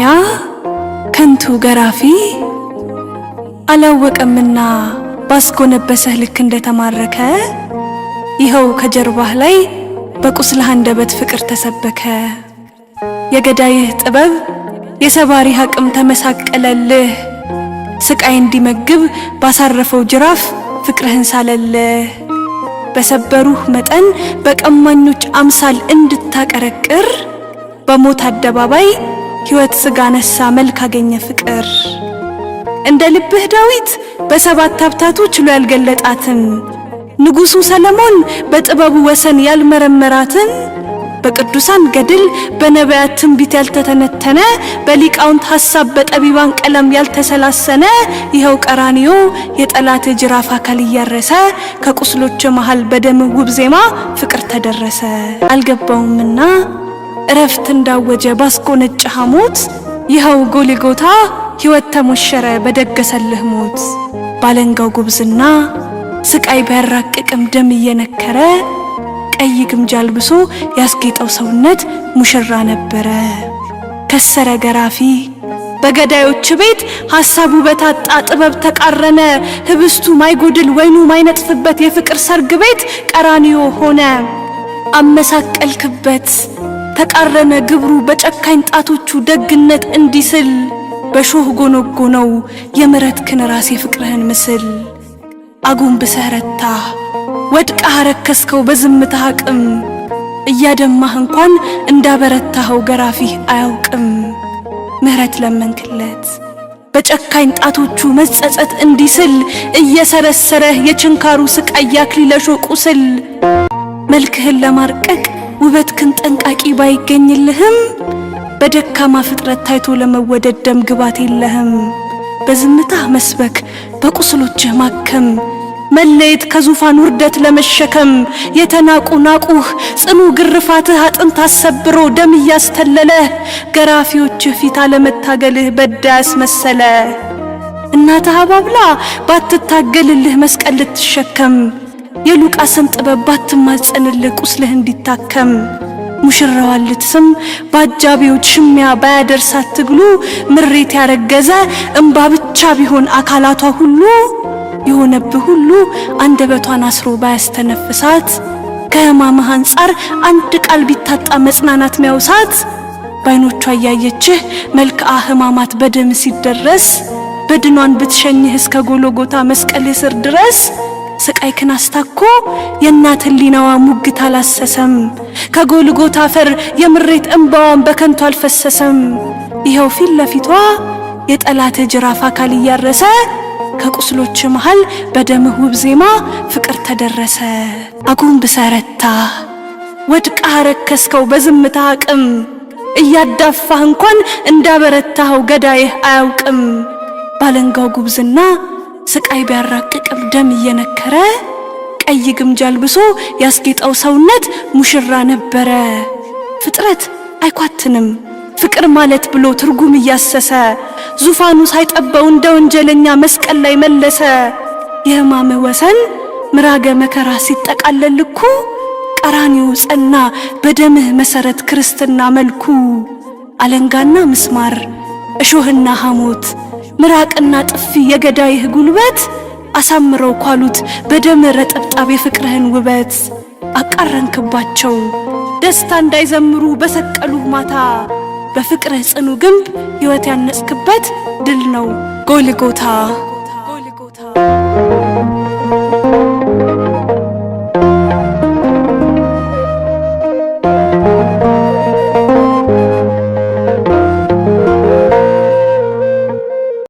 ያ ከንቱ ገራፊ አላወቀምና ባስጎነበሰህ ልክ እንደተማረከ ይኸው ከጀርባህ ላይ በቁስልህ አንደበት ፍቅር ተሰበከ። የገዳይህ ጥበብ የሰባሪህ አቅም ተመሳቀለልህ። ስቃይ እንዲመግብ ባሳረፈው ጅራፍ ፍቅርህን ሳለልህ። በሰበሩህ መጠን በቀማኞች አምሳል እንድታቀረቅር በሞት አደባባይ ሕይወት ሥጋ ነሳ መልክ አገኘ ፍቅር እንደ ልብህ ዳዊት በሰባት ሀብታቱ ችሎ ያልገለጣትን ንጉሡ ሰለሞን በጥበቡ ወሰን ያልመረመራትን በቅዱሳን ገድል በነቢያት ትንቢት ያልተተነተነ በሊቃውንት ሐሳብ በጠቢባን ቀለም ያልተሰላሰነ ይኸው ቀራኒዮ የጠላት የጅራፍ አካል እያረሰ ከቁስሎች መሃል በደም ውብ ዜማ ፍቅር ተደረሰ አልገባውምና እረፍት እንዳወጀ ባስጎነጭ ሐሞት ይኸው ጎልጎታ ሕይወት ተሞሸረ በደገሰልህ ሞት። ባለንጋው ጉብዝና ስቃይ ባያራቅቅም ደም እየነከረ ቀይ ግምጃ አልብሶ ያስጌጠው ሰውነት ሙሽራ ነበረ። ከሰረ ገራፊ በገዳዮች ቤት ሐሳቡ በታጣ ጥበብ ተቃረነ። ህብስቱ ማይጎድል ወይኑ ማይነጥፍበት የፍቅር ሰርግ ቤት ቀራንዮ ሆነ። አመሳቀልክበት ተቃረነ ግብሩ በጨካኝ ጣቶቹ ደግነት እንዲስል በሾህ ጎነጎነው የምረትክን ራሴ ፍቅርህን ምስል አጎንብሰህ ረታህ ወድቀህ አረከስከው በዝምታህ አቅም እያደማህ እንኳን እንዳበረታኸው ገራፊህ አያውቅም። ምህረት ለመንክለት በጨካኝ ጣቶቹ መጸጸት እንዲስል እየሰረሰረህ የችንካሩ ስቃይ አክሊለ ሾህ ቁስል መልክህን ለማርቀቅ ውበትክን ጠንቃቂ ባይገኝልህም በደካማ ፍጥረት ታይቶ ለመወደድ ደም ግባት የለህም። በዝምታህ መስበክ፣ በቁስሎችህ ማከም፣ መለየት ከዙፋን ውርደት ለመሸከም የተናቁ ናቁህ ጽኑ ግርፋትህ አጥንት አሰብሮ ደም እያስተለለህ ገራፊዎችህ ፊት አለመታገልህ በዳ ያስመሰለ እናትህ አባብላ ባትታገልልህ መስቀል ልትሸከም የሉቃስን ጥበብ ባትማጸንልህ ቁስልህ እንዲታከም ሙሽራዋን ልትስም በአጃቢዎች ሽሚያ ባያደርሳት ትግሉ ምሬት ያረገዘ እምባ ብቻ ቢሆን አካላቷ ሁሉ የሆነብህ ሁሉ አንደበቷን አስሮ ባያስተነፍሳት ከህማምህ አንጻር አንድ ቃል ቢታጣ መጽናናት ሚያውሳት ባይኖቿ እያየችህ መልካ ህማማት በደም ሲደረስ በድኗን ብትሸኝህ እስከ ጎሎጎታ መስቀል ስር ድረስ ስቃይ ክናስታኮ የእናት ሊናዋ ሙግት አላሰሰም። ከጎልጎታ አፈር የምሬት እንባዋን በከንቱ አልፈሰሰም። ይኸው ፊት ለፊቷ የጠላት ጅራፍ አካል እያረሰ ከቁስሎች መሃል በደምህ ውብ ዜማ ፍቅር ተደረሰ። አጎንብሰ ረታ ወድቃ ረከስከው በዝምታ አቅም እያዳፋህ እንኳን እንዳበረታኸው ገዳይህ አያውቅም ባለንጋው ጉብዝና ስቃይ ቢያራቅቅም ደም እየነከረ ቀይ ግምጃ አልብሶ ያስጌጠው ሰውነት ሙሽራ ነበረ። ፍጥረት አይኳትንም ፍቅር ማለት ብሎ ትርጉም እያሰሰ ዙፋኑ ሳይጠበው እንደ ወንጀለኛ መስቀል ላይ መለሰ። የሕማም ወሰን ምራገ መከራ ሲጠቃለልኩ ልኩ ቀራኒው ጸና በደምህ መሰረት ክርስትና መልኩ አለንጋና ምስማር እሾህና ሐሞት ምራቅና ጥፊ የገዳይህ ጉልበት አሳምረው ኳሉት በደም ረጠብጣብ የፍቅርህን ውበት። አቃረንክባቸው ደስታ እንዳይዘምሩ በሰቀሉ ማታ በፍቅርህ ጽኑ ግንብ ሕይወት ያነጽክበት ድል ነው ጎልጎታ።